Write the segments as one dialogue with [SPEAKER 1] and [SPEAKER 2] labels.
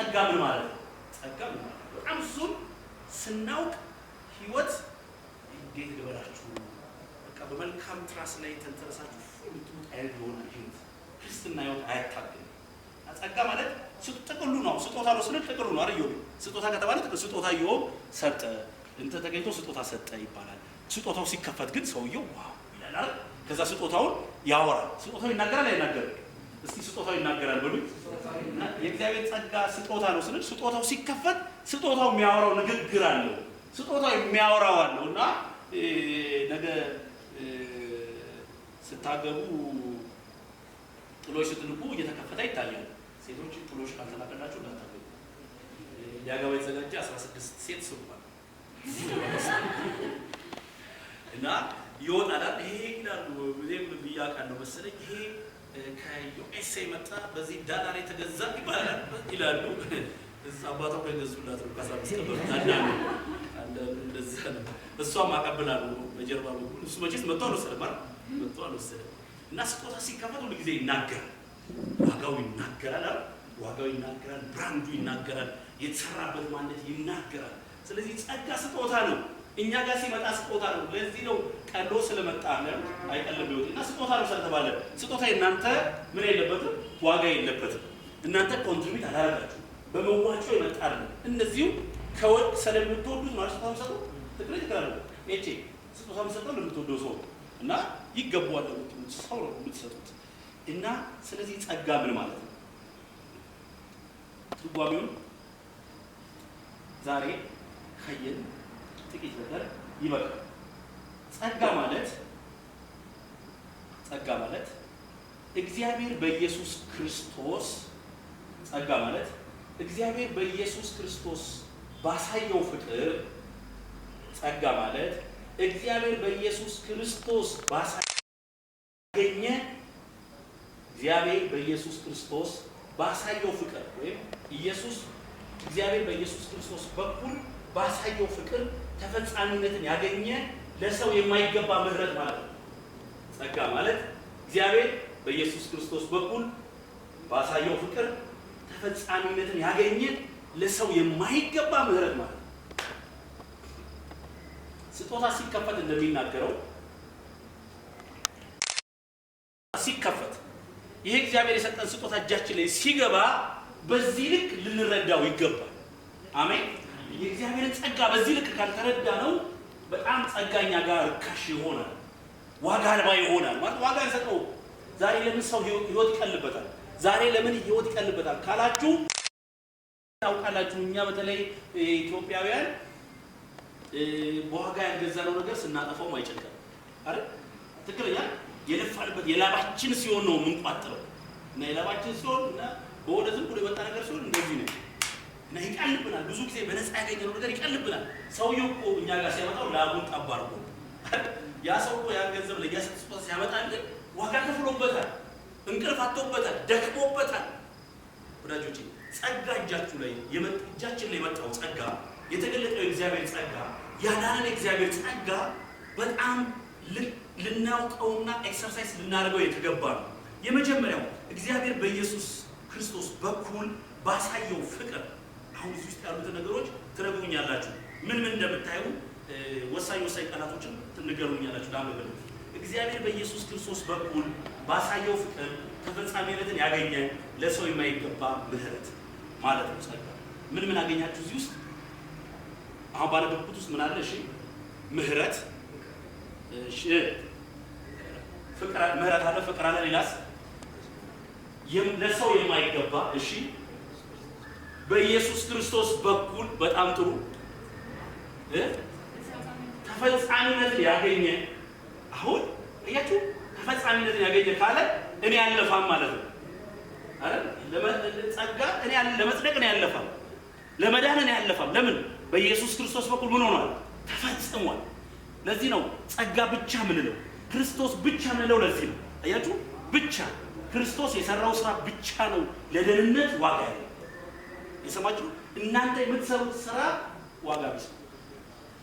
[SPEAKER 1] ጸጋ ምን ማለት ነው? ጸጋ ምን ማለት ነው? በጣም እሱን ስናውቅ ህይወት እንዴት ልበላችሁ፣ በቃ በመልካም ትራስ ላይ ተንተረሳችሁ የምትሞት አይነት የሆነ ህይወት ክርስትና ህይወት አያታግም። ጸጋ ማለት ጥቅሉ ነው። ስጦታ ነው ስንል ጥቅሉ ነው አይደል? ስጦታ ከተባለ ስጦታ ኢዮብ ሰጠ፣ እንተ ተገኝቶ ስጦታ ሰጠ ይባላል። ስጦታው ሲከፈት ግን ሰውየው ዋው ይላል። ከዛ ስጦታውን ያወራል። ስጦታው ይናገራል አይናገርም? እስቲ ስጦታው ይናገራል በሉኝ። የእግዚአብሔር ጸጋ ስጦታ ነው ስንል ስጦታው ሲከፈት ስጦታው የሚያወራው ንግግር አለው። ስጦታው የሚያወራው አለው እና ነገ ስታገቡ ጥሎች ስትንቁ እየተከፈተ ይታያል። ሴቶች ጥሎች ካልተላቀላችሁ እንዳታገቡ። ሊያገባ የተዘጋጀ 16 ሴት ስባል እና ይወጣላል። ይሄ ይላሉ ብያቃ ነው መሰለኝ ይሄ ከዩኤስኤ መጣ በዚህ ዳላር የተገዛ ይባላል ይላሉ። እዛ አባቷ የገዙላት ነው። ካሳብስ ቀበሉ ታዳሉ አንዳንዱ እንደዛ ነው። እሷም አቀብላሉ በጀርባ በኩል እሱ መቼስ መጥቶ አልወሰደም አይደል? መጥቶ አልወሰደም። እና ስጦታ ሲከፈት ሁሉ ጊዜ ይናገራል። ዋጋው ይናገራል አይደል? ዋጋው ይናገራል፣ ብራንዱ ይናገራል፣ የተሰራበት ማነት ይናገራል። ስለዚህ ጸጋ ስጦታ ነው። እኛ ጋር ሲመጣ ስጦታ ነው። ለዚህ ነው ቀሎ ስለመጣ ነው አይቀልም ይወጥ እና ስጦታ ነው ስለተባለ ስጦታ እናንተ ምን የለበትም ዋጋ የለበትም። እናንተ ኮንትሪቢዩት አላረጋችሁ በመዋጮ ይመጣል። እነዚሁ ከወድ ስለምትወዱት ማለት ስጦታ ሰጡ ትግሬ ይላሉ። ቼ ስጦታ ምሰጠው ለምትወደው ሰው እና ይገባዋል ለምትወዱት ሰው ነው የምትሰጡት። እና ስለዚህ ጸጋ ምን ማለት ነው ትርጓሜውን ዛሬ ከየን ጥቂት ነገር ይበቃል። ጸጋ ማለት ጸጋ ማለት እግዚአብሔር በኢየሱስ ክርስቶስ ጸጋ ማለት እግዚአብሔር በኢየሱስ ክርስቶስ ባሳየው ፍቅር ጸጋ ማለት እግዚአብሔር በኢየሱስ ክርስቶስ ባሳገኘ እግዚአብሔር በኢየሱስ ክርስቶስ ባሳየው ፍቅር ወይም ኢየሱስ እግዚአብሔር በኢየሱስ ክርስቶስ በኩል ባሳየው ፍቅር ተፈጻሚነትን ያገኘ ለሰው የማይገባ ምሕረት ማለት ነው። ጸጋ ማለት እግዚአብሔር በኢየሱስ ክርስቶስ በኩል ባሳየው ፍቅር ተፈጻሚነትን ያገኘ ለሰው የማይገባ ምሕረት ማለት ነው። ስጦታ ሲከፈት እንደሚናገረው ሲከፈት ይሄ እግዚአብሔር የሰጠን ስጦታ እጃችን ላይ ሲገባ በዚህ ልክ ልንረዳው ይገባል። አሜን። የእግዚአብሔርን ጸጋ በዚህ ልክ ካልተረዳ ነው በጣም ጸጋኛ ጋር እርካሽ ይሆናል፣ ዋጋ አልባ ይሆናል። ማለት ዋጋ ይሰጠው። ዛሬ ለምን ሰው ህይወት ይቀልበታል? ዛሬ ለምን ህይወት ይቀልበታል ካላችሁ ታውቃላችሁ፣ እኛ በተለይ ኢትዮጵያውያን በዋጋ ያልገዛነው ነገር ስናጠፋውም አይጨንቀም። አረ ትክክለኛ የለፋንበት የላባችን ሲሆን ነው የምንቋጥረው እና የላባችን ሲሆን እና በሆነ ዝም ብሎ የመጣ ነገር ሲሆን እንደዚህ ነው እና ይቀልብናል። ብዙ ጊዜ በነፃ ያገኘነው ነገር ይቀልብናል። ሰውየው እኮ እኛ ጋር ሲያመጣው ላቡን ጠብ ያ ሰው እኮ ያን ገንዘብ ለእኛ ስጦታ ሲያመጣልን ዋጋ ከፍሎበታል፣ እንቅልፍ አጥቶበታል፣ ደክሞበታል። ወዳጆቼ ጸጋ እጃችሁ ላይ እጃችን ላይ የመጣው ጸጋ የተገለጠው የእግዚአብሔር ጸጋ ያዳነን የእግዚአብሔር ጸጋ በጣም ልናውቀውና ኤክሰርሳይዝ ልናደርገው የተገባ ነው። የመጀመሪያው እግዚአብሔር በኢየሱስ ክርስቶስ በኩል ባሳየው ፍቅር አሁን እዚህ ውስጥ ያሉትን ነገሮች ትነግሩኛላችሁ። ምን ምን እንደምታዩ ወሳኝ ወሳኝ ቃላቶችን ትንገሩኛላችሁ። ለአንበበል እግዚአብሔር በኢየሱስ ክርስቶስ በኩል ባሳየው ፍቅር ተፈጻሚነትን ያገኘ ለሰው የማይገባ ምሕረት ማለት ነው። ጸጋ ምን ምን አገኛችሁ እዚህ ውስጥ አሁን ባለበኩት ውስጥ ምን አለ? እሺ ምሕረት፣ እሺ ፍቅር፣ ምሕረት አለ። ሌላስ ለሰው የማይገባ እሺ በኢየሱስ ክርስቶስ በኩል በጣም ጥሩ ተፈጻሚነትን ያገኘ አሁን እያችሁ ተፈጻሚነትን ያገኘ ካለ እኔ ያለፋም ማለት ነው። ጸጋ ለመጽደቅ እኔ ያለፋም፣ ለመዳን እኔ ያለፋም። ለምን በኢየሱስ ክርስቶስ በኩል ምን ሆኗል? ተፈጽሟል። ለዚህ ነው ጸጋ ብቻ ምንለው፣ ክርስቶስ ብቻ ምንለው። ለዚህ ነው እያችሁ ብቻ ክርስቶስ የሰራው ስራ ብቻ ነው ለደህንነት ዋጋ ያለው የሰማችሁ እናንተ የምትሰሩት ስራ ዋጋ ቢስ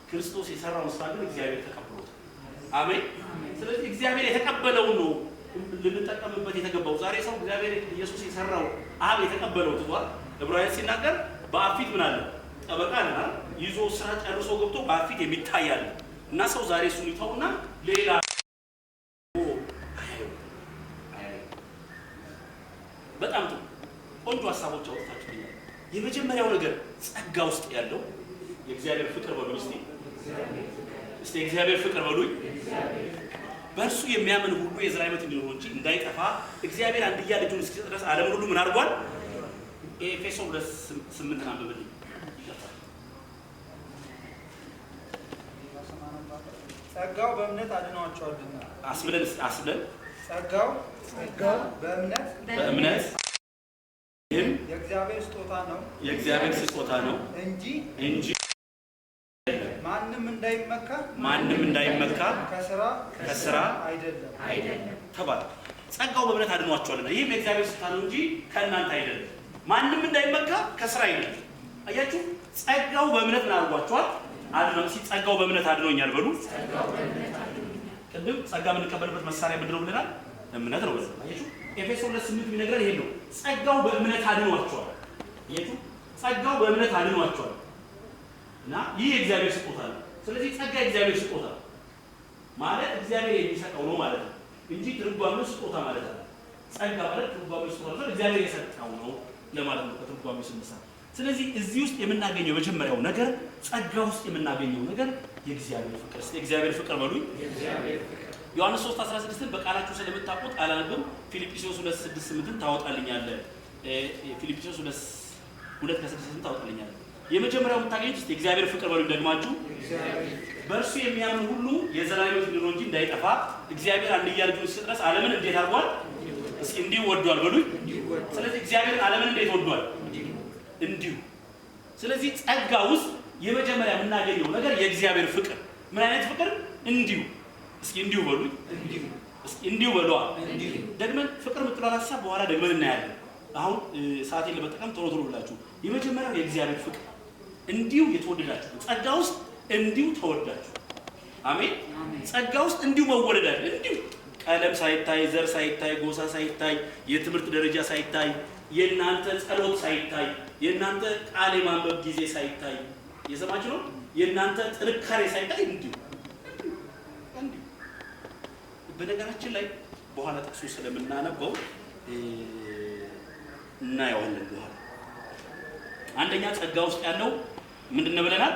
[SPEAKER 1] ክርስቶስ የሰራውን ስራ ግን እግዚአብሔር ተቀብሎታል። አሜን። ስለዚህ እግዚአብሔር የተቀበለው ነው ልንጠቀምበት የተገባው። ዛሬ ሰው እግዚአብሔር ኢየሱስ የሰራው አብ የተቀበለው ትቷል። ዕብራውያን ሲናገር በአፊት ምን አለ? ጠበቃ አለና ይዞ ስራ ጨርሶ ገብቶ በአፊት ፊት እና ሰው ዛሬ እሱን ይተውና ሌላ በጣም ጥሩ ቆንጆ ሀሳቦች አወጥታችሁ የመጀመሪያው ነገር ጸጋ ውስጥ ያለው የእግዚአብሔር ፍቅር በሉኝ። እስቲ እስቲ የእግዚአብሔር ፍቅር በሉኝ። በእርሱ የሚያምን ሁሉ የዘላለም ሕይወት እንዲኖረው እንጂ እንዳይጠፋ እግዚአብሔር አንድያ ልጁን እስኪሰጥ ድረስ ዓለምን ሁሉ ምን አድርጓል? ኤፌሶን ሁለት ስምንትን አንብብልኝ።
[SPEAKER 2] ጸጋው በእምነት አድኗቸዋልና
[SPEAKER 1] አስብለን አስብለን
[SPEAKER 2] ጸጋው በእምነት
[SPEAKER 1] በእምነት ይህም
[SPEAKER 2] የእግዚአብሔር ስጦታ ነው
[SPEAKER 1] የእግዚአብሔር ስጦታ ነው እንጂ እንጂ
[SPEAKER 2] ማንም እንዳይመካ
[SPEAKER 1] ማንም እንዳይመካ ከስራ ከስራ አይደለም አይደለም ተባለ። ጸጋው በእምነት አድኗቸዋልና ይህም የእግዚአብሔር ስጦታ ነው እንጂ ከእናንተ አይደለም። ማንም እንዳይመካ ከስራ አይደለም። አያችሁ፣ ጸጋው በእምነት ምን አድርጓቸዋል? አድነው። ጸጋው በእምነት አድኖኛል በሉ። ቅድም ጸጋ የምንቀበልበት መሳሪያ ምንድን ነው ብለናል? እምነት ነው ብለ አያችሁ ኤፌሶ 2:8 ቢነግረን ይሄ ነው። ጸጋው በእምነት አድኗቸዋል። የቱ ጸጋው በእምነት አድኗቸዋል እና ይህ የእግዚአብሔር ስጦታ ነው። ስለዚህ ጸጋ የእግዚአብሔር ስጦታ ማለት እግዚአብሔር የሚሰጠው ነው ማለት ነው እንጂ ትርጓሜው ስጦታ ማለት አለ። ጸጋ ማለት ትርጓሜው ስጦታ ነው፣ እግዚአብሔር የሰጠው ነው ለማለት ነው ከትርጓሜው ስንሳ። ስለዚህ እዚህ ውስጥ የምናገኘው የመጀመሪያው ነገር ጸጋ ውስጥ የምናገኘው ነገር የእግዚአብሔር ፍቅር። የእግዚአብሔር ፍቅር በሉኝ። ዮሐንስ 3 16ን በቃላችሁ ስለምታውቁት አላልብም። ፊልጵስዩስ 2 ን ታወጣልኛለህ። ፊልጵስዩስ 2 2 ከ ታወጣልኛለህ። የመጀመሪያው የምታገኙት እስቲ እግዚአብሔር ፍቅር በሉ ደግማችሁ። በእርሱ የሚያምን ሁሉ የዘላለም ሕይወት እንጂ እንዳይጠፋ እግዚአብሔር አንድያ ልጁን እስኪሰጥ ድረስ ዓለምን እንዴት አድርጓል? እስኪ እንዲሁ ወዷል በሉኝ። ስለዚህ እግዚአብሔር ዓለምን እንዴት ወዷል? እንዲሁ። ስለዚህ ጸጋ ውስጥ የመጀመሪያ የምናገኘው ነገር የእግዚአብሔር ፍቅር። ምን አይነት ፍቅር? እንዲሁ እስኪ እንዲሁ በሉ እንዲሁ በለዋል። ደግመን ፍቅር የምትለዋል ሀሳብ በኋላ ደግመን እናያለን። አሁን ሰዓቴን ለመጠቀም ቶሎ ቶሎ ብላችሁ የመጀመሪያው የእግዚአብሔር ፍቅር እንዲሁ የተወደዳችሁ ጸጋ ውስጥ እንዲሁ ተወዳችሁ። አሜን። ጸጋ ውስጥ እንዲሁ መወደዳችሁ እንዲሁ ቀለም ሳይታይ፣ ዘር ሳይታይ፣ ጎሳ ሳይታይ፣ የትምህርት ደረጃ ሳይታይ፣ የእናንተ ጸሎት ሳይታይ፣ የእናንተ ቃል የማንበብ ጊዜ ሳይታይ፣ የሰማችሁ ነው። የእናንተ ጥንካሬ ሳይታይ እንዲሁ በነገራችን ላይ በኋላ ጥቅሱ ስለምናነበው እናየዋለን። በኋላ አንደኛ ጸጋ ውስጥ ያለው ምንድን ነው ብለናል?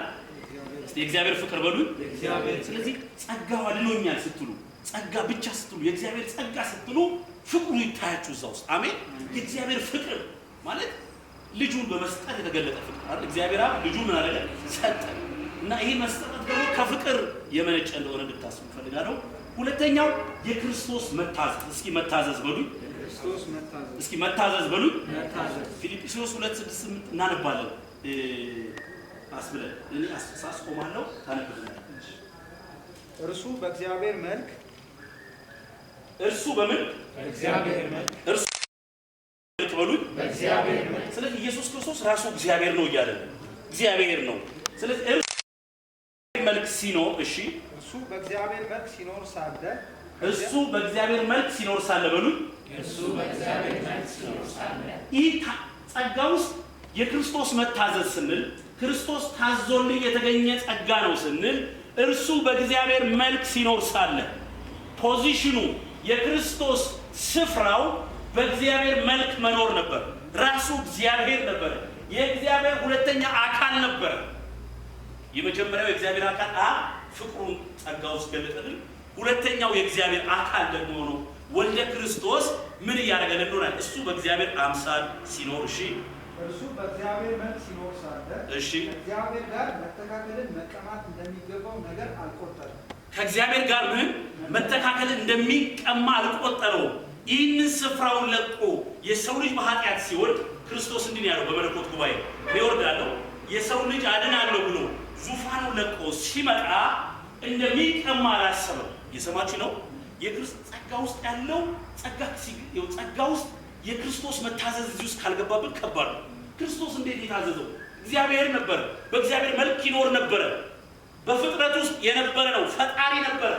[SPEAKER 1] የእግዚአብሔር ፍቅር በሉ። ስለዚህ ጸጋ አድኖኛል ስትሉ ጸጋ ብቻ ስትሉ የእግዚአብሔር ጸጋ ስትሉ ፍቅሩ ይታያችሁ እዛ ውስጥ አሜን። የእግዚአብሔር ፍቅር ማለት ልጁን በመስጠት የተገለጠ ፍቅር አይደል? እግዚአብሔር አብ ልጁ ምን አደረገ? ሰጠ። እና ይህ መስጠት ደግሞ ከፍቅር የመነጨ እንደሆነ እንድታስቡ እፈልጋለሁ። ሁለተኛው የክርስቶስ መታዘዝ። እስኪ መታዘዝ በሉኝ፣ እስኪ መታዘዝ በሉኝ። ፊልጵስዩስ 2:6 እናነባለን አስብለን እኔ ሳስቆማለሁ
[SPEAKER 2] እርሱ በእግዚአብሔር መልክ እርሱ በምን በእግዚአብሔር መልክ በሉኝ፣ በእግዚአብሔር መልክ።
[SPEAKER 1] ስለዚህ ኢየሱስ ክርስቶስ ራሱ እግዚአብሔር ነው እያለ እግዚአብሔር ነው። ስለዚህ መልክ ሲኖር እሺ
[SPEAKER 2] እሱ በእግዚአብሔር መልክ ሲኖር ሳለ
[SPEAKER 1] እሱ በእግዚአብሔር መልክ ሲኖር ሳለ በሉ
[SPEAKER 2] እሱ በእግዚአብሔር መልክ ሲኖር ሳለ
[SPEAKER 1] ይህ ጸጋ ውስጥ የክርስቶስ መታዘዝ ስንል ክርስቶስ ታዞልኝ የተገኘ ጸጋ ነው ስንል እርሱ በእግዚአብሔር መልክ ሲኖር ሳለ ፖዚሽኑ የክርስቶስ ስፍራው በእግዚአብሔር መልክ መኖር ነበር። ራሱ እግዚአብሔር ነበር። የእግዚአብሔር ሁለተኛ አካል ነበር። የመጀመሪያው የእግዚአብሔር አካል አ ፍቅሩን ጸጋ ውስጥ ገለጠልን። ሁለተኛው የእግዚአብሔር አካል ደግሞ ነው ወልደ ክርስቶስ ምን እያደረገልን ሆናል? እሱ በእግዚአብሔር አምሳል ሲኖር እሺ
[SPEAKER 2] እርሱ በእግዚአብሔር መልክ ሲኖር ሳለ እሺ ከእግዚአብሔር ጋር መተካከልን መቀማት እንደሚገባው ነገር አልቆጠረም።
[SPEAKER 1] ከእግዚአብሔር ጋር ምን መተካከልን እንደሚቀማ አልቆጠረው። ይህንን ስፍራውን ለቆ የሰው ልጅ በኃጢአት ሲወድ ክርስቶስ እንዲህ ያለው በመለኮት ጉባኤ እወርዳለሁ የሰው ልጅ አድናለሁ ብሎ ዙፋኑ ለቆ ሲመጣ እንደሚቀማ አላሰበም። የሰማችሁ ነው። ጸጋ ውስጥ ያለው ጸጋ ውስጥ የክርስቶስ መታዘዝ እዚህ ውስጥ ካልገባብን ከባድ ነው። ክርስቶስ እንዴት የታዘዘው እግዚአብሔር ነበረ። በእግዚአብሔር መልክ ይኖር ነበረ። በፍጥረት ውስጥ የነበረ ነው። ፈጣሪ ነበረ።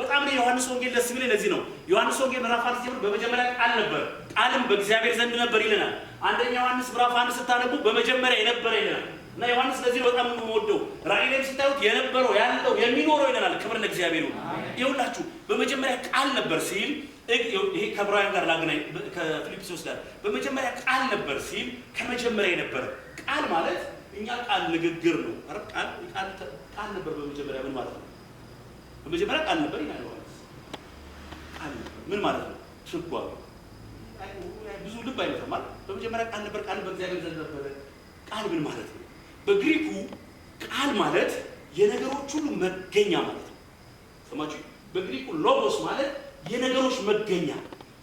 [SPEAKER 1] በጣም ነው ዮሐንስ ወንጌል ደስ የሚል ለዚህ ነው። ዮሐንስ ወንጌል ምዕራፍ አንድ ሲሆን በመጀመሪያ ቃል ነበር፣ ቃልም በእግዚአብሔር ዘንድ ነበር ይለናል። አንደኛ ዮሐንስ ምዕራፍ አንድ ስታነቡ በመጀመሪያ የነበረ ይለናል። እና ዮሐንስ ለዚህ በጣም የምወደው። ራእይ ላይም ስታዩት የነበረው ያለው የሚኖረው ይለናል። ክብር ለእግዚአብሔር ይሁን። ይኸውላችሁ በመጀመሪያ ቃል ነበር ሲል ይሄ ከዕብራውያን ጋር ላገናኝ ከፊልጵስዩስ ጋር በመጀመሪያ ቃል ነበር ሲል ከመጀመሪያ የነበረ ቃል ማለት እኛ ቃል ንግግር ነው። ቃል ቃል ነበር በመጀመሪያ ምን ማለት ነው? በመጀመሪያ ቃል ነበር ይላል ዮሐንስ። ቃል ነበር ምን ማለት ነው? ትርጓ ብዙ ልብ አይመታም። በመጀመሪያ ቃል ነበር፣ ቃል በእግዚአብሔር ዘንድ ነበረ። ቃል ምን ማለት ነው? በግሪኩ ቃል ማለት የነገሮች ሁሉ መገኛ ማለት ነው። ሰማችሁ? በግሪኩ ሎጎስ ማለት የነገሮች መገኛ፣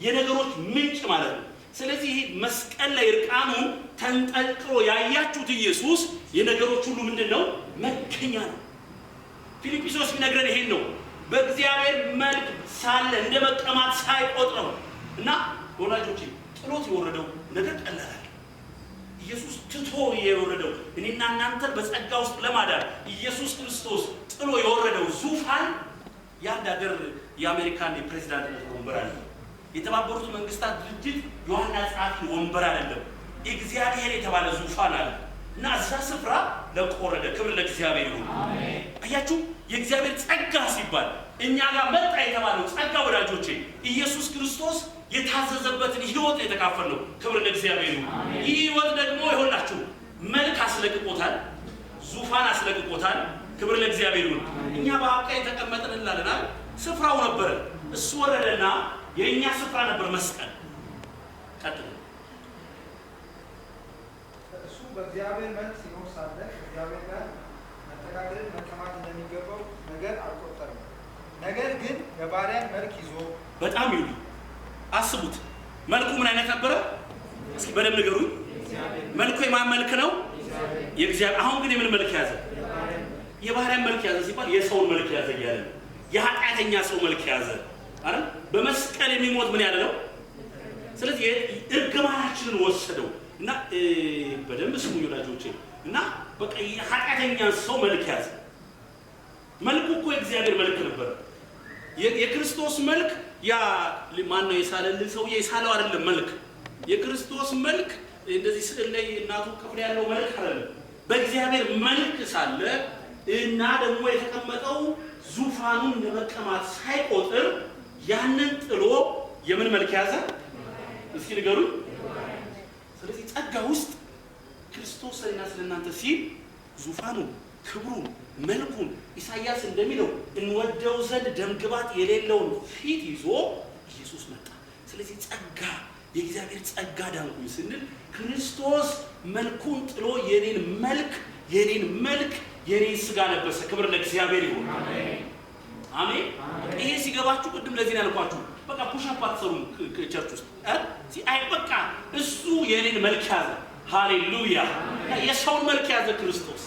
[SPEAKER 1] የነገሮች ምንጭ ማለት ነው። ስለዚህ ይህ መስቀል ላይ እርቃኑን ተንጠልጥሎ ያያችሁት ኢየሱስ የነገሮች ሁሉ ምንድን ነው? መገኛ ነው። ፊልጵሶስ ቢነግረን ይሄን ነው። በእግዚአብሔር መልክ ሳለ እንደ መቀማት ሳይቆጥረው እና ወላጆቼ ጥሎት የወረደው ነገር ቀላል ኢየሱስ ትቶ የወረደው እኔና እናንተን በጸጋ ውስጥ ለማዳር ኢየሱስ ክርስቶስ ጥሎ የወረደው ዙፋን የአንድ ሀገር የአሜሪካን የፕሬዚዳንትነት ወንበር አለ። የተባበሩት መንግስታት ድርጅት የዋና ጸሐፊ ወንበር አይደለም። እግዚአብሔር የተባለ ዙፋን አለ እና እዛ ስፍራ ለቆረደ ክብር ለእግዚአብሔር ይሁን። አያችሁ የእግዚአብሔር ጸጋ ሲባል እኛ ጋር መጣ የተባለው ጸጋ ወዳጆቼ ኢየሱስ ክርስቶስ የታዘዘበትን ህይወት የተካፈል ነው። ክብር ለእግዚአብሔር ይህ ህይወት ደግሞ ይሆናችሁ መልክ አስለቅቆታል፣ ዙፋን አስለቅቆታል። ክብር ለእግዚአብሔር ይሁን። እኛ በአብቃ የተቀመጥን እንላለናል። ስፍራው ነበረ፣ እሱ ወረደና የእኛ ስፍራ ነበር መስቀል። ቀጥል
[SPEAKER 2] እሱ በእግዚአብሔር መልክ ሲኖር ሳለ ከእግዚአብሔር ጋር መተካከልን መቀማት እንደሚገባው ነገር አልቆጠርም። ነገር ግን የባሪያን መልክ ይዞ
[SPEAKER 1] በጣም ይሉ አስቡት። መልኩ ምን አይነት ነበረ? እስኪ በደንብ ንገሩኝ። መልኩ የማን መልክ ነው? የእግዚአብሔር። አሁን ግን የምን መልክ ያዘ? የባህሪያን መልክ ያዘ ሲባል የሰውን መልክ ያዘ እያለ ነው። የኃጢአተኛ ሰው መልክ ያዘ አይደል? በመስቀል የሚሞት ምን ያለ ነው። ስለዚህ እርግማናችንን ወሰደው እና በደንብ ስሙ ወዳጆቼ። እና በቃ የኃጢአተኛ ሰው መልክ ያዘ። መልኩ እኮ የእግዚአብሔር መልክ ነበረ። የክርስቶስ መልክ ያ ማን ነው የሳለልን ሰውዬ የሳለው አይደለም። መልክ የክርስቶስ መልክ እንደዚህ ስዕል ላይ እናቱ ክፍል ያለው መልክ አይደለም። በእግዚአብሔር መልክ ሳለ እና ደግሞ የተቀመጠው ዙፋኑን ለመቀማት ሳይቆጥር ያንን ጥሎ የምን መልክ ያዘ? እስኪ ንገሩኝ። ስለዚህ ጸጋ ውስጥ ክርስቶስ ስለና ስለናንተ ሲል ዙፋኑ ክብሩ መልኩን ኢሳያስ እንደሚለው እንወደው ዘንድ ደምግባት የሌለውን ፊት ይዞ ኢየሱስ መጣ። ስለዚህ ጸጋ የእግዚአብሔር ጸጋ ዳንኩኝ ስንል ክርስቶስ መልኩን ጥሎ የኔን መልክ የኔን መልክ የኔን ስጋ ለበሰ። ክብር ለእግዚአብሔር ይሁን። አሜን። ይሄ ሲገባችሁ ቅድም ለዚህ ያልኳችሁ በቃ ፑሻፕ አትሰሩም። ቸርች ውስጥ አይ በቃ እሱ የኔን መልክ ያዘ። ሃሌሉያ! የሰውን መልክ ያዘ ክርስቶስ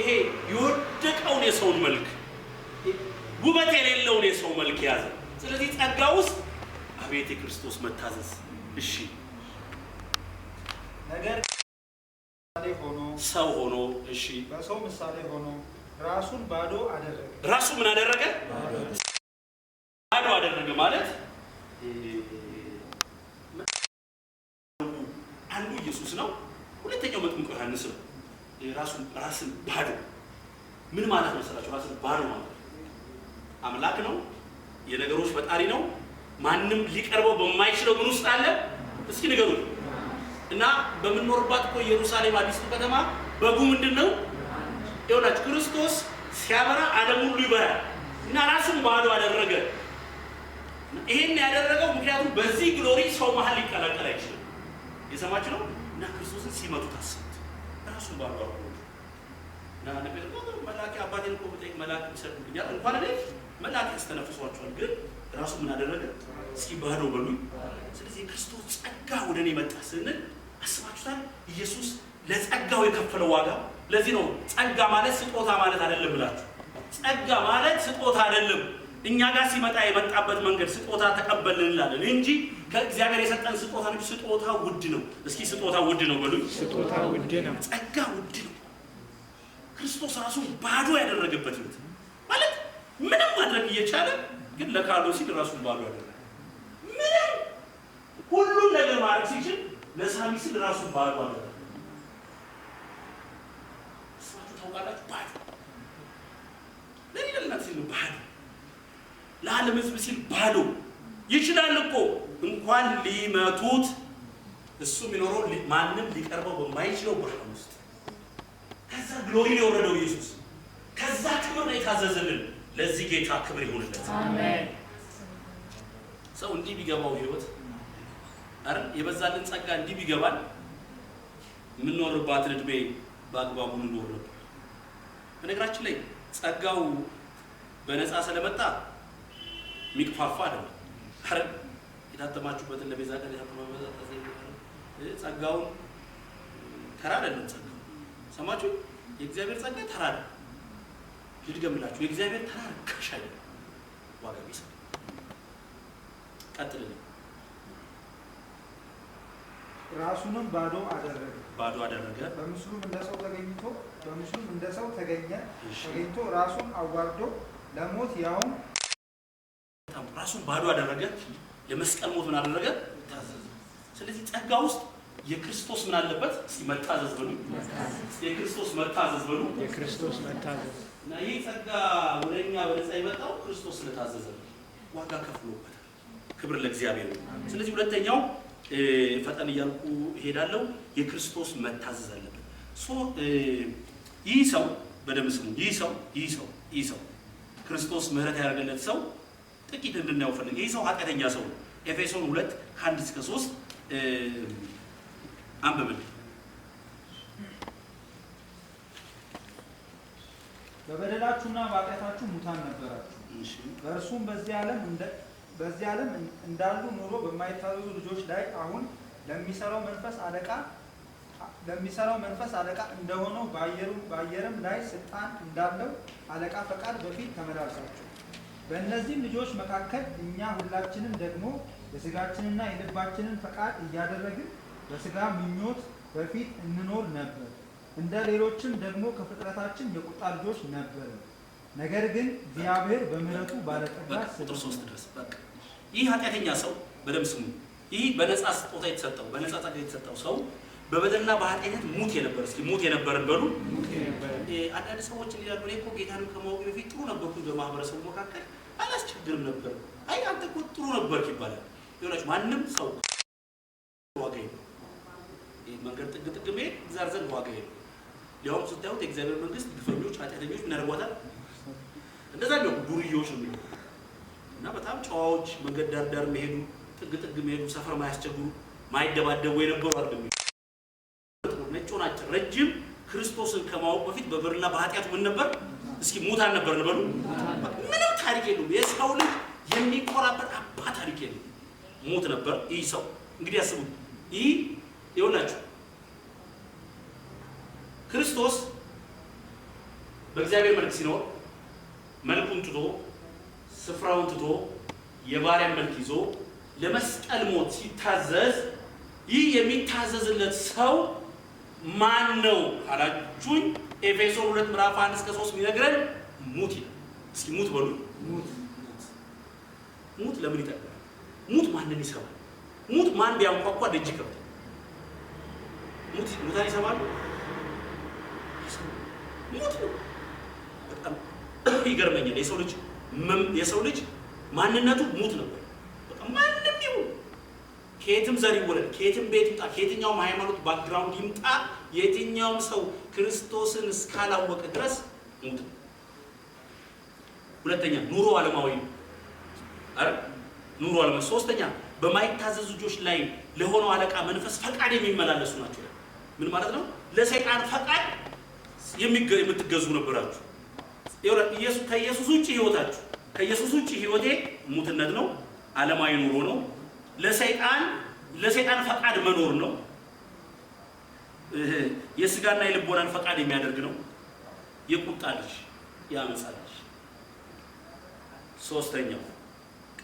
[SPEAKER 1] ይሄ የወደቀውን የሰውን መልክ ውበት የሌለውን የሰው መልክ የያዘ ስለዚህ ጸጋ ውስጥ አቤት የክርስቶስ መታዘዝ እሺ፣
[SPEAKER 2] ነገር ሆኖ ሰው ሆኖ እሺ፣ በሰው ምሳሌ ሆኖ ራሱን ባዶ አደረገ።
[SPEAKER 1] ራሱ ምን አደረገ? ባዶ አደረገ ማለት አንዱ ኢየሱስ ነው፣ ሁለተኛው መጥምቁ ዮሐንስ ነው። የራሱን ራስን ባዶ ምን ማለት መሰላችሁ? ራስን ባዶ ማለት አምላክ ነው፣ የነገሮች ፈጣሪ ነው። ማንም ሊቀርበው በማይችለው ምን ውስጥ አለ? እስኪ ንገሩ። እና በምንኖርባት እኮ ኢየሩሳሌም አዲስ ከተማ በጉ ምንድን ነው ክርስቶስ ሲያበራ ዓለም ሁሉ ይበራል እና ራሱን ባዶ አደረገ። ይሄን ያደረገው ምክንያቱም በዚህ ግሎሪ ሰው መሀል ሊቀላቀል አይችልም። የሰማችሁ ነው። እና ክርስቶስን ሲመጡ ታስቡ ራሱ ባሏ እና ነቢያት መላክ አባቴን እኮ ብጠይቅ መላክ ይሰድብኛል። እንኳን እኔ መላክ ያስተነፍሷቸዋል። ግን ራሱ ምን አደረገ? እስኪ ባህዶ ስለዚህ የክርስቶስ ጸጋ ወደ እኔ መጣ ስንል አስባችሁታል? ኢየሱስ ለጸጋው የከፈለው ዋጋ። ለዚህ ነው ጸጋ ማለት ስጦታ ማለት አይደለም ብላችሁ ጸጋ ማለት ስጦታ አይደለም እኛ ጋር ሲመጣ የመጣበት መንገድ ስጦታ ተቀበልን እንላለን እንጂ ከእግዚአብሔር የሰጠን ስጦታ ነው። ስጦታ ውድ ነው። እስኪ ስጦታ ውድ ነው በሉኝ።
[SPEAKER 2] ስጦታ ውድ ነው።
[SPEAKER 1] ጸጋ ውድ ነው። ክርስቶስ ራሱ ባዶ ያደረገበት ነው ማለት ምንም ማድረግ እየቻለ ግን ለካዶ ሲል ራሱን ባዶ ያደረገ ምንም ሁሉን ነገር ማድረግ ሲችል ለሳሚ ሲል ራሱን ባዶ አደረገ። ታውቃላችሁ ባዶ ለሌለነት ሲል ባዶ ለዓለም ሕዝብ ሲል ባዶ ይችላል እኮ እንኳን ሊመቱት እሱ የሚኖረው ማንም ሊቀርበው በማይችለው ብርሃን ውስጥ ከዛ ግሎሪ ነው የወረደው ኢየሱስ። ከዛ ክብር ነው የታዘዘልን። ለዚህ ጌታ ክብር ይሁንለት። ሰው እንዲህ ቢገባው ህይወት አረ የበዛልን ጸጋ እንዲህ ቢገባል የምንኖርባትን እድሜ በአግባቡ እንኖር ነበር። በነገራችን ላይ ጸጋው በነፃ ስለመጣ የሚግፋፋ አይደለም። አረ የታተማችሁበትን ለቤዛ ቀን የታተማበት ጸጋውን ተራ አይደለም። ጸጋ ሰማችሁ? የእግዚአብሔር ጸጋ ተራ አይደለም። ልድገምላችሁ፣ የእግዚአብሔር ተራ ርካሽ አይደለም፣ ዋጋ ቢስ። ቀጥልልኝ።
[SPEAKER 2] ራሱንም ባዶ አደረገ
[SPEAKER 1] ባዶ አደረገ
[SPEAKER 2] በምስሉም እንደ ሰው ተገኝቶ በምስሉም እንደ ሰው ተገኘ ተገኝቶ ራሱን አዋርዶ ለሞት ያውም
[SPEAKER 1] ራሱን ባዶ አደረገ። ለመስቀል ሞት ምን አደረገ? ታዘዘ። ስለዚህ ጸጋ ውስጥ የክርስቶስ ምን አለበት? እስቲ መታዘዝ በሉ። የክርስቶስ መታዘዝ በሉ።
[SPEAKER 2] የክርስቶስ መታዘዝ
[SPEAKER 1] እና ይህ ጸጋ ወደኛ በነጻ የመጣው ክርስቶስ ስለታዘዘ ዋጋ ከፍሎበታል። ክብር ለእግዚአብሔር ነው። ስለዚህ ሁለተኛው ፈጠን እያልኩ እሄዳለሁ። የክርስቶስ መታዘዝ አለበት። ሶ ይህ ሰው በደምብ ስሙ። ይህ ሰው ይህ ሰው ይህ ሰው ክርስቶስ ምህረት ያደረገለት ሰው ጥቂት እንድናየው ፈልግ። ይህ ሰው ኃጢአተኛ ሰው ነው። ኤፌሶን ሁለት ከአንድ እስከ ሶስት አንብብል።
[SPEAKER 2] በበደላችሁና በኃጢአታችሁ ሙታን ነበራችሁ፣ በእርሱም በዚህ ዓለም በዚህ ዓለም እንዳሉ ኑሮ በማይታዘዙ ልጆች ላይ አሁን ለሚሰራው መንፈስ አለቃ ለሚሰራው መንፈስ አለቃ እንደሆነው በአየርም ላይ ስልጣን እንዳለው አለቃ ፈቃድ በፊት ተመላልሳቸው በእነዚህም ልጆች መካከል እኛ ሁላችንም ደግሞ የስጋችንና የልባችንን ፈቃድ እያደረግን በስጋ ምኞት በፊት እንኖር ነበር። እንደ ሌሎችም ደግሞ ከፍጥረታችን የቁጣ ልጆች ነበር። ነገር ግን እግዚአብሔር በምሕረቱ ባለጠጋ ቁጥር ድረስ
[SPEAKER 1] ይህ ኃጢአተኛ ሰው በደም ስሙ ይህ በነጻ ስጦታ የተሰጠው በነጻ ጸጋ የተሰጠው ሰው በበደልና በኃጢአት ሙት የነበረ እስኪ ሙት የነበረን በሉ። አንዳንድ ሰዎች እንዲላሉ እኔ እኮ ጌታንም ከማወቅ በፊት ጥሩ ነበርኩኝ በማህበረሰቡ መካከል አልተቸገርም ነበር። አይ አንተ እኮ ጥሩ ነበርክ ይባላል። ይሆናችሁ ማንም ሰው ዋጋ የለውም። ይህ መንገድ ጥግ ጥግ መሄድ እግዚአብሔር ዘንድ ዋጋ የለውም። ሊያውም ስታዩት የእግዚአብሔር መንግስት ግፈኞች፣ ኃጢአተኞች ምናርጓታል እንደዛ ነው ዱርዬዎች ነው እና በጣም ጨዋዎች መንገድ ዳር ዳር መሄዱ ጥግ ጥግ መሄዱ ሰፈር ማያስቸግሩ ማይደባደቡ የነበሩ አይደለም። ነጮናቸው ረጅም ክርስቶስን ከማወቅ በፊት በበርና በኃጢአት ምን ነበር? እስኪ ሙታን ነበር ነበሩ ምንም ታሪክ የለውም። የሰው ልጅ የሚኮራበት አባ ታሪክ የለውም። ሞት ነበር ይህ ሰው እንግዲህ ያስቡት። ይህ ይሆናችሁ ክርስቶስ በእግዚአብሔር መልክ ሲኖር መልኩን ትቶ ስፍራውን ትቶ የባሪያን መልክ ይዞ ለመስቀል ሞት ሲታዘዝ ይህ የሚታዘዝለት ሰው ማን ነው አላችሁኝ? ኤፌሶን ሁለት ምዕራፍ አንድ እስከ ሶስት የሚነግረን ሙት ይላል። እስኪ ሙት በሉኝ ሙት ሙት ለምን ይጠቅማል? ሙት ማንን ይሰማል? ሙት ማን ቢያንኳኳ ደጅ ይከብዳል? ሙት ሙታን ይሰማሉ? ሙት ነው። በጣም ይገርመኛል። የሰው ልጅ የሰው ልጅ ማንነቱ ሙት ነበር። በቃ ማንም ይሁን ከየትም ዘር ይወለድ፣ ከየትም ቤት ይምጣ፣ ከየትኛውም ሃይማኖት ባክግራውንድ ይምጣ፣ የትኛውም ሰው ክርስቶስን እስካላወቀ ድረስ ሙት ነው። ሁለተኛ ኑሮ አለማዊ አረ ኑሮ አለማዊ። ሶስተኛ በማይታዘዙ ልጆች ላይ ለሆነው አለቃ መንፈስ ፈቃድ የሚመላለሱ ናቸው። ምን ማለት ነው? ለሰይጣን ፈቃድ የምትገዙ ነበራችሁ። ከኢየሱስ ውጭ ህይወታችሁ ከኢየሱስ ውጭ ህይወቴ ሙትነት ነው፣ አለማዊ ኑሮ ነው፣ ለሰይጣን ለሰይጣን ፈቃድ መኖር ነው፣ የስጋና የልቦናን ፈቃድ የሚያደርግ ነው። የቁጣ ልጅ ያመጻል ሶስተኛው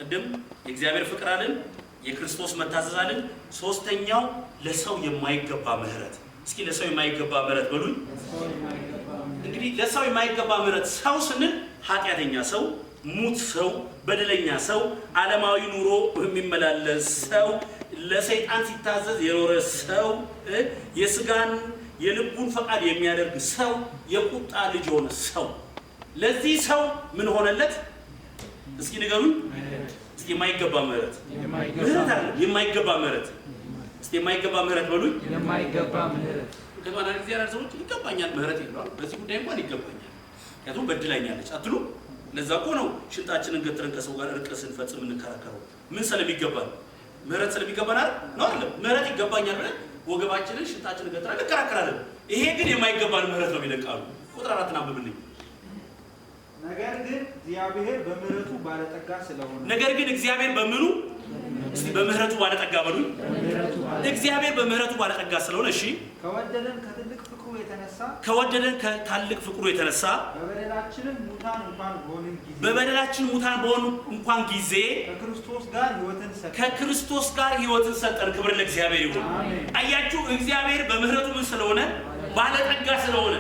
[SPEAKER 1] ቅድም የእግዚአብሔር ፍቅር አለን፣ የክርስቶስ መታዘዝ አለን። ሶስተኛው ለሰው የማይገባ ምህረት። እስኪ ለሰው የማይገባ ምህረት በሉኝ። እንግዲህ ለሰው የማይገባ ምህረት ሰው ስንል ኃጢአተኛ ሰው፣ ሙት ሰው፣ በደለኛ ሰው፣ ዓለማዊ ኑሮ የሚመላለስ ሰው፣ ለሰይጣን ሲታዘዝ የኖረ ሰው፣ የስጋን የልቡን ፈቃድ የሚያደርግ ሰው፣ የቁጣ ልጅ የሆነ ሰው። ለዚህ ሰው ምን ሆነለት? እስኪ ንገሩን። እስቲ የማይገባ ምህረት የማይገባ ምህረት እስቲ የማይገባ ምህረት በሉኝ።
[SPEAKER 2] የማይገባ ምህረት
[SPEAKER 1] ከተባለ ጊዜ ያላል ሰዎች ይገባኛል ምህረት ይሏል። በዚህ ጉዳይ እንኳን ይገባኛል ምክንያቱም በድላኛለች አትሉ። ለዛ እኮ ነው ሽንጣችንን ገትረን ከሰው ጋር እርቅ ስንፈጽም እንከራከረው። ምን ስለሚገባን ምህረት ስለሚገባን አይደል ነው አይደለም። ምህረት ይገባኛል ብለን ወገባችንን ሽንጣችንን ገትረን እንከራከራለን። ይሄ ግን የማይገባን ምህረት ነው የሚለቃሉ። ቁጥር አራት አንብብልኝ
[SPEAKER 2] ነገር ግን እግዚአብሔር በምህረቱ ባለጠጋ ስለሆነ
[SPEAKER 1] ነገር ግን እግዚአብሔር በምኑ እስቲ በምህረቱ ባለጠጋ በሉ። እግዚአብሔር በምህረቱ ባለጠጋ ስለሆነ እሺ፣
[SPEAKER 2] ከወደደን ከትልቅ ፍቅሩ የተነሳ ከወደደን ከታልቅ ፍቅሩ የተነሳ በበደላችን ሙታን እንኳን በሆንን ጊዜ
[SPEAKER 1] በበደላችን ሙታን በሆኑ እንኳን ጊዜ
[SPEAKER 2] ከክርስቶስ ጋር ሕይወትን
[SPEAKER 1] ሰጠን ከክርስቶስ ጋር ሕይወትን ሰጠን። ክብር ለእግዚአብሔር ይሁን። አያችሁ፣ እግዚአብሔር በምህረቱ ምን ስለሆነ ባለጠጋ ስለሆነ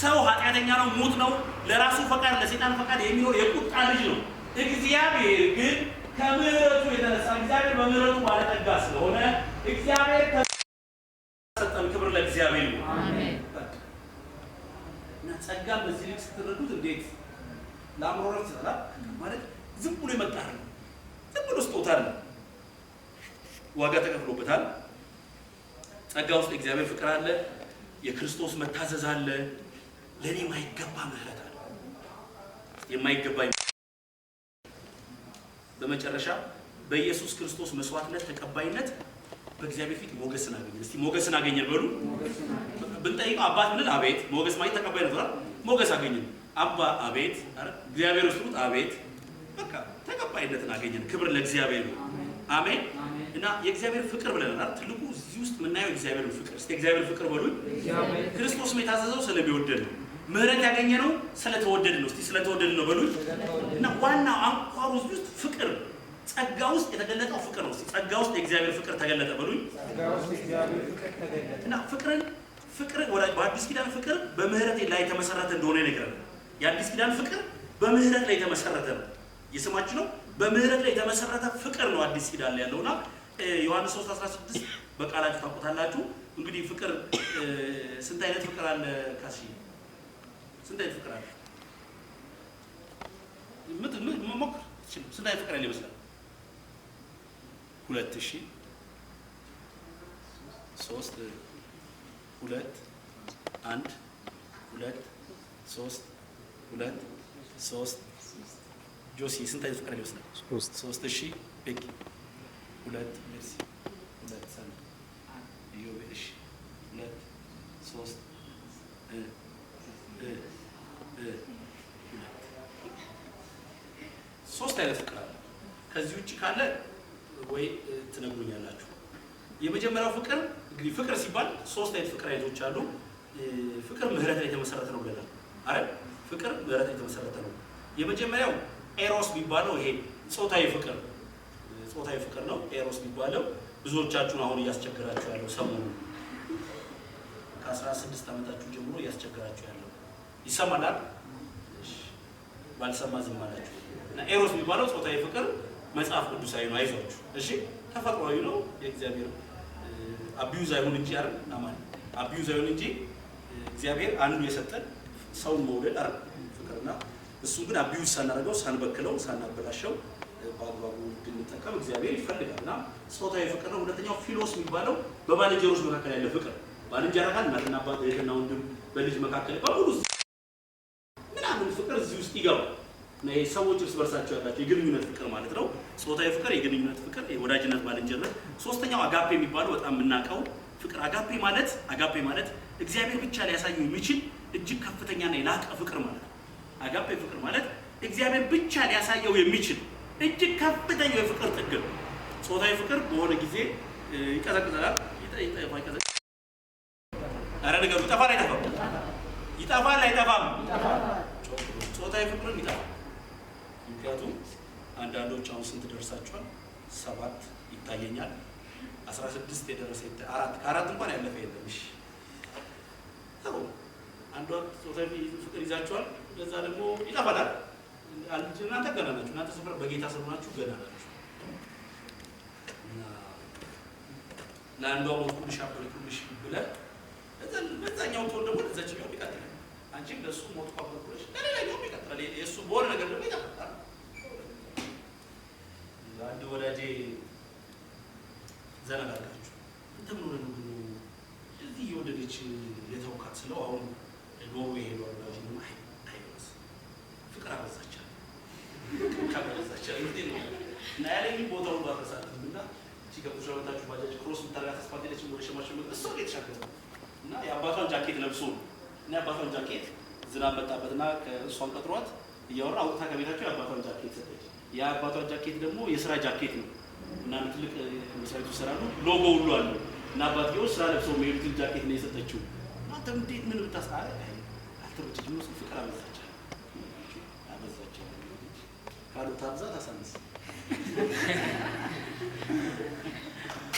[SPEAKER 1] ሰው ኃጢአተኛ ነው፣ ሙት ነው፣ ለራሱ ፈቃድ ለሴጣን ፈቃድ የሚሆን የቁጣ ልጅ ነው። እግዚአብሔር ግን ከምህረቱ የተነሳ እግዚአብሔር በምሕረቱ ባለጠጋ ስለሆነ እግዚአብሔር ሰጠን። ክብር ለእግዚአብሔር ነው እና ጸጋ በዚህ ልክ ስትረዱት እንዴት ለአእምሮ ረፍት ማለት ዝም ብሎ የመጣ ነው፣ ዝም ብሎ ስጦታ ነው። ዋጋ ተከፍሎበታል። ጸጋ ውስጥ የእግዚአብሔር ፍቅር አለ፣ የክርስቶስ መታዘዝ አለ። ለእኔ የማይገባ ምህረት አለ የማይገባ በመጨረሻ በኢየሱስ ክርስቶስ መስዋዕትነት ተቀባይነት በእግዚአብሔር ፊት ሞገስን አገኘን። እስቲ ሞገስን አገኘን በሉ። ብንጠይቀው አባት ምንል አቤት። ሞገስ ማለት ተቀባይነት ነው። ሞገስ አገኘ አባ አቤት፣ እግዚአብሔር ውስጥ አቤት። በቃ ተቀባይነትን አገኘን። ክብር ለእግዚአብሔር ነው። አሜን። እና የእግዚአብሔር ፍቅር ብለናል። ትልቁ እዚህ ውስጥ የምናየው የእግዚአብሔር ፍቅር። እስቲ የእግዚአብሔር ፍቅር በሉ። ክርስቶስም የታዘዘው ስለሚወደድ ነው። ምህረት ያገኘ ነው ስለተወደድ ነው። እስቲ ስለተወደድ ነው በሉ እና ዋናው አንኳር ውስጥ ፍቅር ጸጋ ውስጥ የተገለጠው ፍቅር ነው። ጸጋ ውስጥ የእግዚአብሔር ፍቅር ተገለጠ በሉኝ። እና ፍቅርን ፍቅር በአዲስ ኪዳን ፍቅር በምህረት ላይ የተመሰረተ እንደሆነ ይነግረናል። የአዲስ ኪዳን ፍቅር በምህረት ላይ የተመሰረተ ነው። የስማችሁ ነው። በምህረት ላይ የተመሰረተ ፍቅር ነው አዲስ ኪዳን ላይ ያለውና ዮሐንስ 3 16 በቃላችሁ ታውቁታላችሁ። እንግዲህ ፍቅር ስንት አይነት ፍቅር አለ ካሲ ስንት አይነት ፍቅር አለ? መሞክር ትችልም። ስንት አይነት ፍቅር ያለ ይመስላል? ሁለት ሺህ ሶስት ሁለት አንድ ሁለት ሶስት ሁለት ሶስት ጆሲ ስንት አይነት ፍቅር ይመስላል? ሶስት ሶስት ቤኪ ሁለት ሜርሲ ሁለት ሰን ኢዮቤ ሁለት ሶስት ሶስት አይነት ፍቅር አለ። ከዚህ ውጭ ካለ ወይ ትነግሩኛላችሁ። የመጀመሪያው ፍቅር እንግዲህ ፍቅር ሲባል ሶስት አይነት ፍቅር አይነቶች አሉ። ፍቅር ምህረት ላይ የተመሰረተ ነው ብለናል። አረ ፍቅር ምህረት ላይ የተመሰረተ ነው። የመጀመሪያው ኤሮስ የሚባለው ይሄ ጾታዊ ፍቅር ጾታዊ ፍቅር ነው። ኤሮስ የሚባለው ብዙዎቻችሁን አሁን እያስቸገራችሁ ያለው ሰሞኑ ከአስራ ስድስት ዓመታችሁ ጀምሮ እያስቸገራችሁ ያለው ይሰማላል። ባልሰማ ዝም አላችሁ እና ኤሮስ የሚባለው ጾታዊ ፍቅር መጽሐፍ ቅዱሳዊ ነው። አይዟችሁ እሺ፣ ተፈጥሯዊ ነው። የእግዚአብሔር አቢዩዝ አይሁን እንጂ አይደል አማን አቢዩዝ አይሁን እንጂ እግዚአብሔር አንዱ የሰጠን ሰውን መውደድ አይደል ፍቅርና እሱ ግን አቢዩዝ ሳናደርገው ሳንበክለው ሳናበላሸው በአግባቡ ብንጠቀም እግዚአብሔር ይፈልጋል እና ጾታዊ ፍቅር ነው። ሁለተኛው ፊሎስ የሚባለው በባልንጀሮች መካከል ያለ ፍቅር ባልንጀራ ካል እናትና አባት እህትና ወንድም በልጅ መካከል በሙሉ ይገባል። እና ይሄ ሰዎች እርስ በርሳቸው ያላቸው የግንኙነት ፍቅር ማለት ነው። ጾታዊ ፍቅር፣ የግንኙነት ፍቅር፣ የወዳጅነት ባልንጀርነት። ሶስተኛው አጋፔ የሚባለው በጣም የምናውቀው ፍቅር አጋፔ ማለት አጋፔ ማለት እግዚአብሔር ብቻ ሊያሳየው የሚችል እጅግ ከፍተኛና የላቀ ፍቅር ማለት ነው። አጋፔ ፍቅር ማለት እግዚአብሔር ብቻ ሊያሳየው የሚችል እጅግ ከፍተኛው የፍቅር ጥግ ነው። ጾታዊ ፍቅር በሆነ ጊዜ ይቀዘቅዛል፣ ይጠፋ። ኧረ ንገሩ ይጠፋል አይጠፋም? ይጠፋል አይጠፋም? ጾታዊ ፍቅርም ይላል። ምክንያቱም አንዳንዶች አሁን ስንት ደርሳችኋል? ሰባት ይታየኛል፣ አስራ ስድስት የደረሰ አራት ከአራት እንኳን ያለፈ የለም። እሺ ጥሩ አንዷ ጾታዊ ፍቅር ይዛችኋል። ለዛ ደግሞ ይጠፋላል። እናንተ ገና ናችሁ። እናንተ ስፍራ በጌታ ስለሆናችሁ ገና ናችሁ። ለአንዷ ሞት ኩልሽ አበል ኩልሽ ብለ በዛኛው ቶን ደግሞ ለዛችኛው ይቀጥላል አንቺም ለእሱ ሞት ኳበኩለች ለሌላኛውም ይቀጥላል። የእሱ በሆነ ነገር ደግሞ ይተፈታል። አንድ ወዳጄ ዘና ዘነጋጋችሁ እንትን ብሎ ደግሞ እዚህ እየወደደች የተውካት ስለው አሁን ኖርዌይ ሄዷል። ወዳጅ ነው አይበስ ፍቅር አበዛቻል ከበዛቻል ነው እና ያለኝ ቦታውን ባረሳት እና እዚህ ከብዙ አመታችሁ ባጃጅ ክሮስ ምታረጋ ተስፋ ሌለች ወደ ሸማሸመ እሷ የተሻገረ እና የአባቷን ጃኬት ለብሶ ነው እና የአባቷን ጃኬት ዝናብ መጣበትና ከእሷን ቀጥሯት እያወራ አውጥታ ከቤታቸው የአባቷን ጃኬት ሰጠች። የአባቷን ጃኬት ደግሞ የስራ ጃኬት ነው እና ትልቅ መስሪያ ስራ ነው ሎጎ ሁሉ አለ እና አባትየው ስራ ለብሰው የሚሄዱትን ጃኬት ነው የሰጠችው። አንተ እንዴት ምን ብታስ አልተመቸች ነው ፍቅር አበዛች አበዛች ካሉ ታብዛ ታሳንስ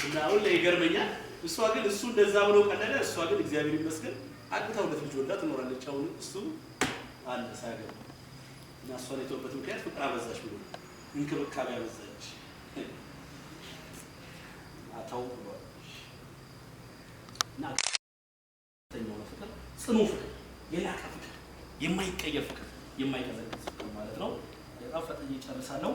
[SPEAKER 1] እና አሁን ላይ ይገርመኛል። እሷ ግን እሱ እንደዛ ብሎ ቀለለ። እሷ ግን እግዚአብሔር ይመስገን አግብታ ሁለት ልጅ ወልዳ ትኖራለች። አሁን እሱ አለ ሳገባ እና እሷን የተወበት ምክንያት ፍቅር አበዛች ብሎ እንክብካቤ አበዛች አታው እና ፍቅር ጽኑ ፍቅር፣ የላቀ ፍቅር፣ የማይቀየር ፍቅር፣ የማይቀዘቅዝ ፍቅር ማለት ነው። በጣም ፈጥኜ እጨርሳለሁ።